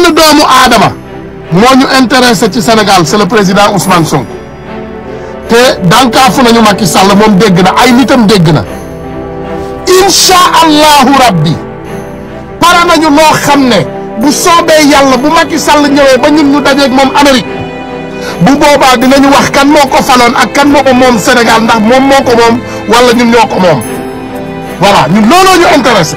benn doomu aadama moo ñu intéressé ci Sénégal c'est le président Ousmane Sonko te dànkaafu nañu Macky Sall moom dégg na ay nitam dégg na Insha allahu rabbi para nañu loo xam bu sobe yalla bu Macky Sall ñëwee ba ñun ñu ak mom Amérique bu boba dinañu wax kan moko falon ak kan moko mom Sénégal ndax mom moko mom wala ñun ñoko mom voilà ñun lolo ñu intéressé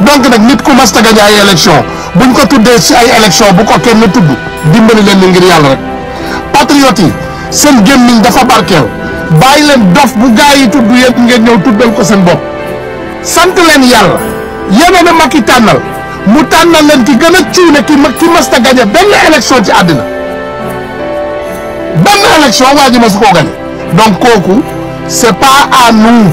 donc nag nit ku masta gañ ay bu buñ ko tuddee si ay élection bu ko kenn tudd dimbali leen ni ngir yàlla rek patriotes yi seen gémmiñ dafa barkeel bàyyi leen dof bu gaa yi tudd yépp ngeen ñëw tuddal ko seen bopp sant leen yàlla yéen a mag ki tànnal mu tànnal leen ci gën a cuune ki mag ki masta gañe benn élection ci àddina benn élection waa ji ma su koo gañe donc kooku c'est pas à nous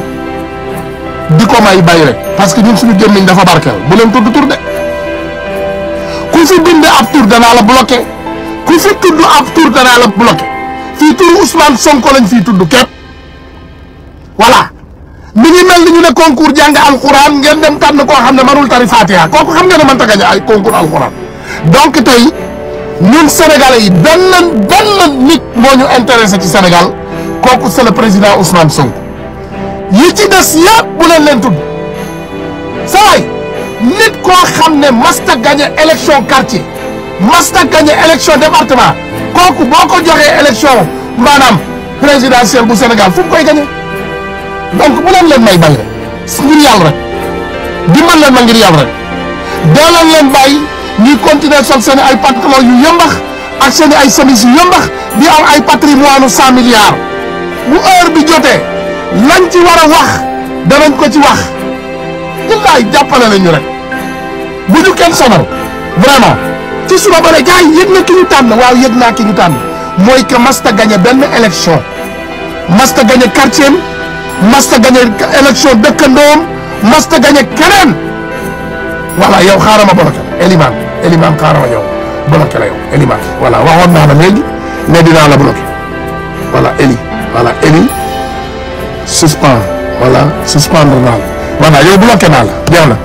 di may bay rek parce que ñun suñu gémmiñ dafa barkel bu leen tuddu tur de ku fi bindé ab tur na la bloqué ku fi tuddu ab tur danaa la bloqué fi tour Ousmane Sonko lañ fi tuddu kep voilà mi ngi mel ni ñu né concours jang alcorane ngeen dem tan ko xamné manul tari fatiha kooku xam nga man mënta gañ ay concours alcorane donc tay ñun sénégalais yi benn benn nit mo ñu intéressé ci sénégal koku c'est le président Ousmane Sonko yi ci des yëpp bu leen leen tudd saay nit koo xam ne masta gagné élection quartier masta gagné election, département kooku boo ko joxee élection maanaam présidentielle bu Sénégal fu mu koy gagné donc bu leen leen may bal rek ngir yàlla rek dimbal leen ma ngir yàlla rek doo leen leen bàyyi ñuy continuer sol seen ay pantalon yu yëmbax ak seen ay semis yu yëmbax di am ay patrimoine cent milliards bu heure bi jotee lañ ci wara a da danañ ko ci wax wallahi jàppale nañu rek bu ñu kenn sonal vraiment ci suba bare ne yeg na ki ñu tan waaw yeg na ki ñu tan moy que masta gagné ben élection masta gagné quartier masta gagné élection ndom masta gagné keneen wala yow xaaral ma Eliman Eliman xaaral ma yow bolaka la yow Eliman wala waxon na na legi ne dina la bolaka wala Eli wala Eli suspend voilà suspendre naa voilà yow bloqué naa la jeex na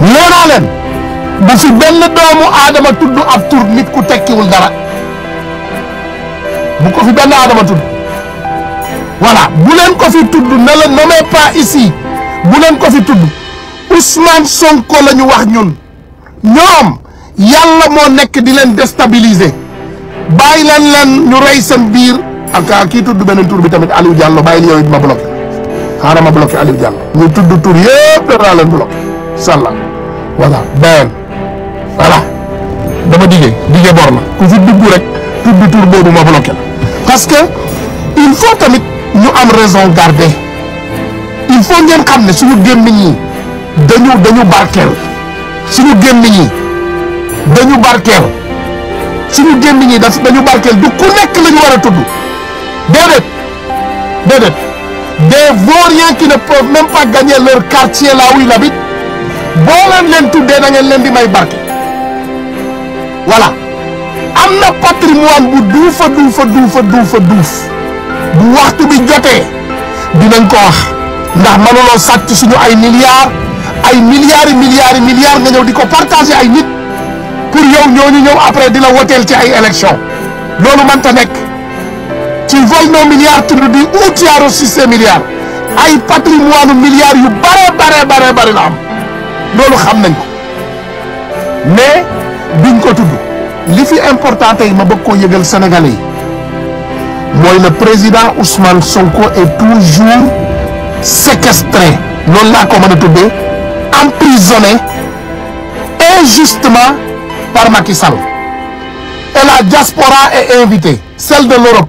nee naa leen bu ci ben doomu adama tuddu ab tour nit ku tekkiwul dara bu ko fi ben adama tudd voilà bu len ko fi tudd ne la nommez pas ici bu len ko fi tudd Ousmane Sonko lañu wax ñun ñom yalla mo nek di len déstabiliser bay leen leen ñu rey seen ak ki tuddu benen tour bi tamit Aliou Diallo bàyyil yow it ma bloqué xaaral ma bloqué Aliou Diallo ni tuddu tour yépp danaa la bloqué salam voilà ben voilà dama dige dige borna ku fi dugg rek tuddu tour bobu ma bloqué parce que il faut tamit ñu am raison garder il faut ñen xamné suñu gemmi yi dañu dañu barkel suñu gemmi yi dañu barkel suñu gemmi yi dañu barkel du ku nek lañu wara tuddu Dedet. Dedet. des vauriens qui ne peuvent même pas gagner leur quartier là où ils habitent boo leen leen tuddee da ngeen di may barke voilà am patrimoine bu duufa duufa duufa duufa douf. bu waxtu bi jotee dinañ ko wax ndax mënuloo sàcc suñu ay milliards ay milliards yi milliards yi milliards nga ñëw di ko partager ay nit pour yow ñoo ñëw après di wotel ci ay élection man ta nek Il vol nos milliards où tu dit reçu ces milliards ay patrimoine milliards yu bare bare bare bare la am loolu xam nañ mais biñ ko tudd li important que ma veux que le Sénégalais le président Ousmane Sonko est toujours séquestré loolu la ko tout le emprisonné injustement par Macky Sall et la diaspora est invitée celle de l'Europe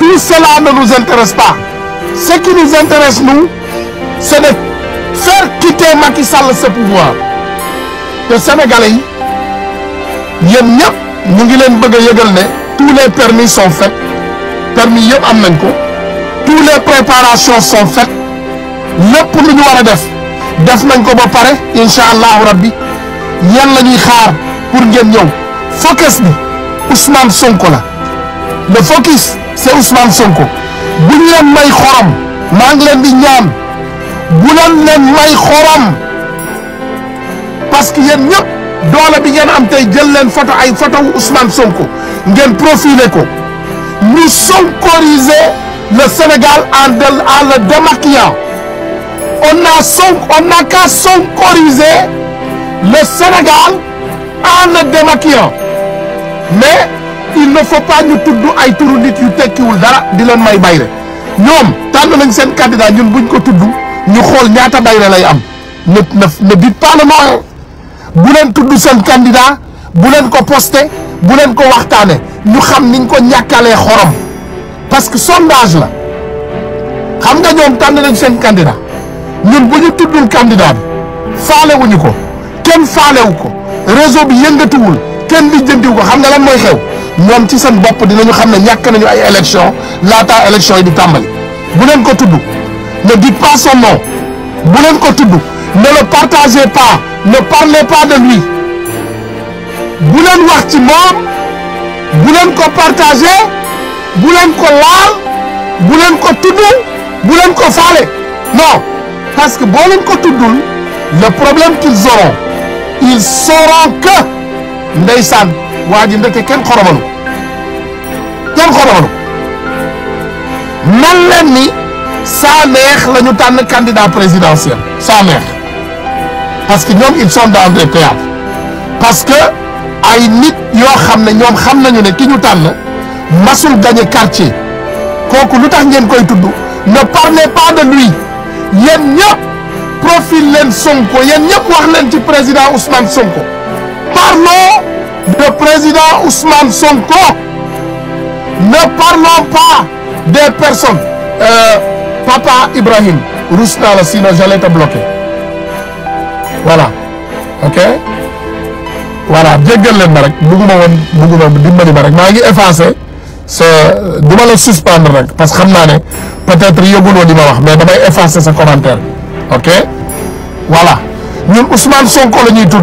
tout cela ne nous intéresse pas. Ce qui nous intéresse, nous, c'est de faire quitter Macky Sall ce pouvoir. le Sénégalais yi yéen ñëpp ngi tous les permis sont faits permis yëpp am nañ tous les préparations sont faites le lu ñu et d'oeufs def def nañ ko ba pare rabbi yann la ñuy pour gagner focus ni. Ousmane Sonko la le focus. c'est Ousmane Sonko bu leen may xorom maa ngi leen di ñaan bu leen leen may xorom parce que yéen ñëpp doole bi ngeen am tey jël leen photo ay photo wu Ousmane Sonko ngeen profilé ko ñu sonkoriser le Sénégal en en le démaquillant on n'a qu'à sonkoriser le Sénégal en le démaquillant mais. il na faut pas ñu tudd ay turu nit yu tekkiwul dara di leen may bayre ñoom tànn nañ seen candidat ñun buñ ko tudd ñu xool ñaata bayre lay am ne ne dites pas le nom bu leen tudd seen candidat bu leen ko posté bu leen ko waxtaane ñu xam niñ ko ñàkkalee xorom parce que sondage la xam nga ñoom tànn nañ seen candidat ñun bu ñu tuddul candidat bi faalewuñu ko kenn faalewu ko réseau bi yëngatuwul kenn lijjantiwu ko xam nga lan mooy xew ñoom ci seen bop dinañu xamné ne nañu ay élection laataa élection yi di tàmbali bu len ko tuddu ne dites pas son nom bu len ko tuddu ne le partagez pas ne parlez pas de lui bu len wax ci mom bu len ko partager bu len ko laal bu len ko tuddu bu len ko falé non parce que boo len ko tuddul le problème qu'ils auront ils sauront que ndaysan waa ji ndeke kenn xoromalu kenn xoromalu man leen ni sa la lañu tànn candidat présidentiel sa Sanekh parce que ñom ils sont dans des théâtres parce que ay nit yo xam ñom xamnañu xam ne ki ñu tànn masul gagner quartier kooku lutax ngeen koy tudd ne parlez pas de lui yéen ñep profil len Sonko yéen ñep wax len ci président Ousmane Sonko parlons le président Ousmane Sonko, ne parlons pas des personnes. Euh, Papa Ibrahim, Rousna sinon j'allais te bloquer. Voilà. Ok Voilà. Je vais effacer Je vais vous dimbali suspendre parce que peut-être que je vais wax, mais effacer ce commentaire. Ok Voilà. Nous Ousmane Sonko sommes tous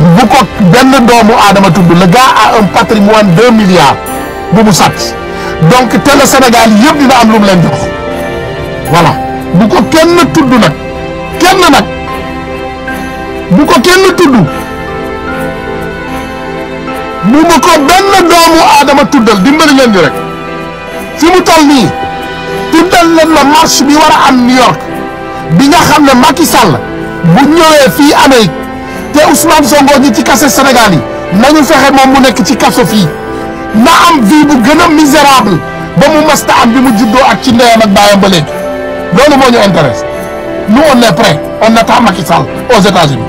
bu ko benn doomu aadama tudd le gars a un patrimoine 2 milliards bu mu sàcc donc télé Sénégal yëpp dina am lu mu leen jox voilà bu ko kenn tudd nag kenn nag bu ko kenn tudd bu ma ko benn doomu aadama tuddal dimbali leen di rek fi mu toll nii tuddal leen la marche bi New York bi nga xam ne Macky Sall bu ñëwee Amérique te Ousmane Sonko ci kase Sénégal yi nañu fexe moom mu nekk ci kaso fii na am vie bu gën a misérable ba mu masta am bi mu juddoo ak ci ndeyam ak baayam ba léegi loolu moo ñu intéresse nous on est prêt on attend Macky Sall aux États-Unis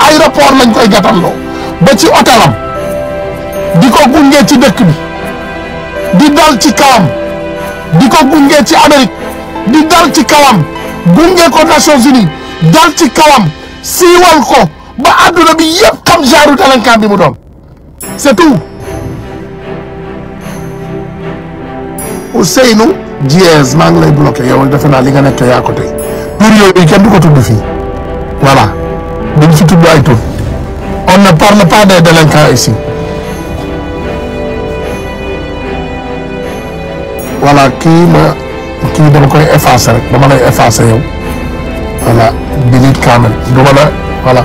aéroport lañ koy gàttandoo ba ci hôtelam di ko gungee ci dëkk bi di dal ci kawam di ko gungee ci Amérique di dal ci kawam gungee ko Nations Unies dal ci kawam siiwal ko ba àdduna bi yëpp xam genre talenkaan bi mu doon c'est tout Ousseynou maa ngi lay bloqué yow defe naa li nga nekk yaa ko tey yooyu kenn du ko tudd fii voilà dañ fi tudd ay tur on ne parle pas des délinquants ici voilà kii ma kii dama koy effacer rek dama lay effacer yow voilà delete quand même du ma la voilà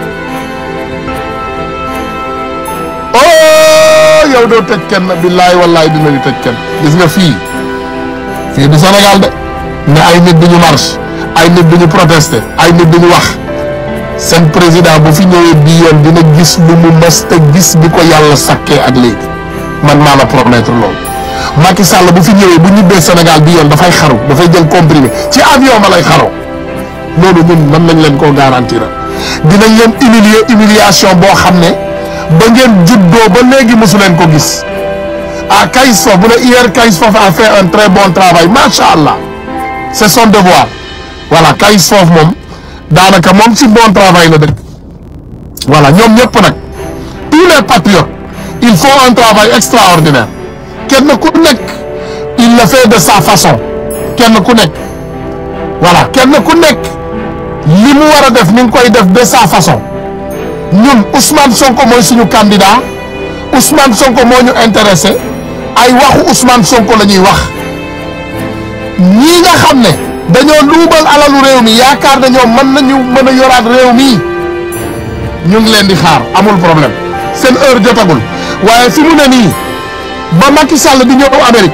yow doo tëj kenn billaay wallaay dinañu tëj kenn gis nga fii du Sénégal de nit duñu marche ay nit duñu protester ay nit duñu wax seen président bu fi ñëwee bii yoon dina gis lu mu mës te gis bi ko yàlla sakkee ak léegi man maa la promettre loolu Macky Sall bu fi ñëwee bu ñibbee Sénégal bi yoon dafay xaru dafay jël comprimé ci avion ma lay xaroo loolu ñun mën nañ leen ko garantir dinañ leen humilier humiliation boo xam ne ba ngeen juddoo ba léegi mosu leen ko gis à bu hier kayz a fait un très bon travail machallah c'est son devoir voilà Kayz-Fof moom daanaka moom bon travail la dëkk voilà ñoom ñëpp nag tous les patriotes ils font un travail extraordinaire kenn ku nekk il le fait de sa façon kenn ku nekk voilà kenn ku nekk li mu a def koy de sa façon. ñun Ousmane Sonko mooy suñu candidat Ousmane Sonko moo ñu intéressé ay waxu Ousmane Sonko la ñuy wax ñii nga xam ne dañoo luubal alalu réew mi yaakaar na Nous sommes nañu mën a yoraat réew mi ñu ngi leen di xaar amul problème seen heure jotagul waaye fi mu ne nii ba Macky Sall di ñëw Amérique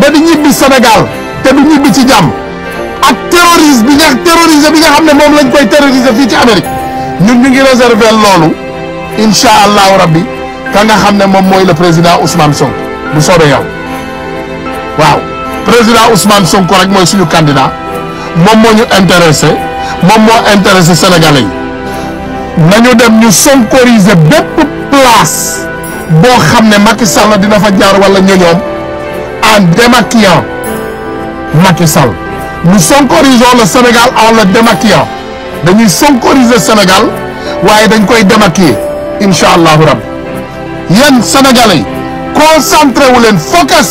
ba di ñibbi Sénégal te du ñibbi ci jàmm ak terrorisme bi nga terrorisé bi nga xam ne lañ koy terrorisé fii ci Amérique ñun ñu ngi réserver loolu incha allahu rabbi ka nga xam ne moom mooy la président Ousmane Sonko bu soobee yow waaw président Ousmane Sonko rek mooy suñu candidat moom moo ñu intéressé moom moo intéressé sénégalais yi nañu dem ñu sonkoriser bépp place boo xam ne Macky Sall dina fa jaar wala ñoñoom en démaquillant Macky Sall nous sonkorisons le Sénégal a le démaquillant dañuy sonkoriser Sénégal waaye dañ koy démaquiller incha allahu rabbi yéen sénégalais concentré wu leen focus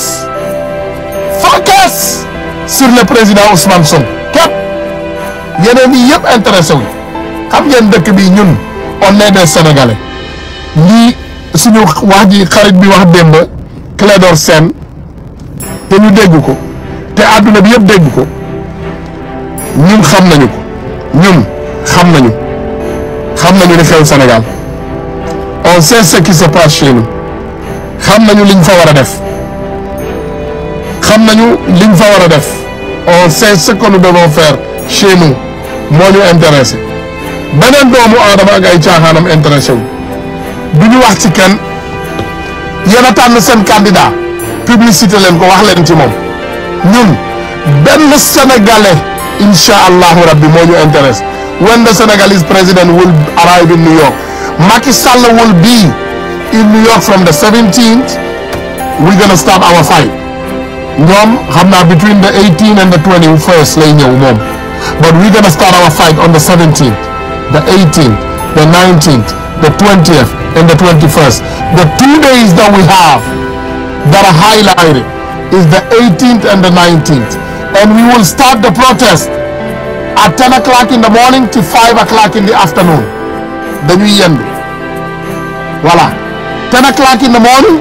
focus sur le président Ousmane Sonko képp yeneen yi yëpp intéressé wu xam ngeen dëkk bi ñun on est des sénégalais lii suñu wax ji xarit bi wax démb Clédor seen te ñu dégg ko te àdduna bi yëpp dégg ko ñun xam nañu ko. passé au Sénégal on sait se passe chez xam nañu liñ fa war a def xam nañu liñ fa war def on sait ce que faire chez moo ñu beneen doomu aadama ak ay caaxaanam intéressé wu du ñu wax ci kenn yéen a tànn seen candidat publicité leen ko wax leen ci moom ñun benn sénégalais incha rabbi moo ñu intéressé when the Senegalese president will arrive in New York. Macky Sall will be in New York from the 17th. We're going to start our fight. ñoom xam between the 18th and the 21st lay your mom. but we're going to start our fight on the 17th the 18th the 19th the 20th and the 21st the two days that we have that are highlighted is the 18th and the 19th and we will start the protest at 10 o'clock in the morning to 5 o'clock in the afternoon dañuy yendu voilà 10 o'clock in the morning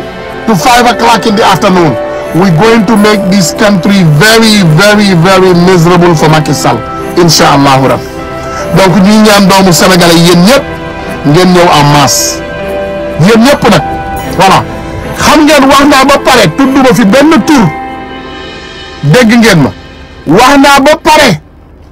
to 5 o'clock in the afternoon we're going to make this country very very very miserable for Makisal, Inshallah. incha allahu rabbi donc ñuy ñaan doomu sénégalais yéen en masse voilà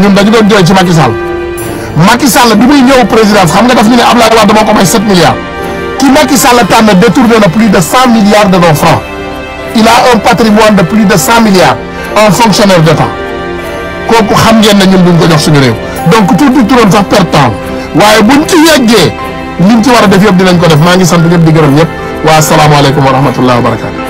ñun dañu doon que ci Macky Sall Macky Sall bi muy ñëw présidence xam nga daf ñu Abdoulaye 7 milliards ki Macky Sall na plus de 100 milliards de francs il a un patrimoine de plus de 100 milliards en fonctionnaire d'État temps. xam ngeen ne ñun duñ ko suñu donc tout temps buñ ci ci a def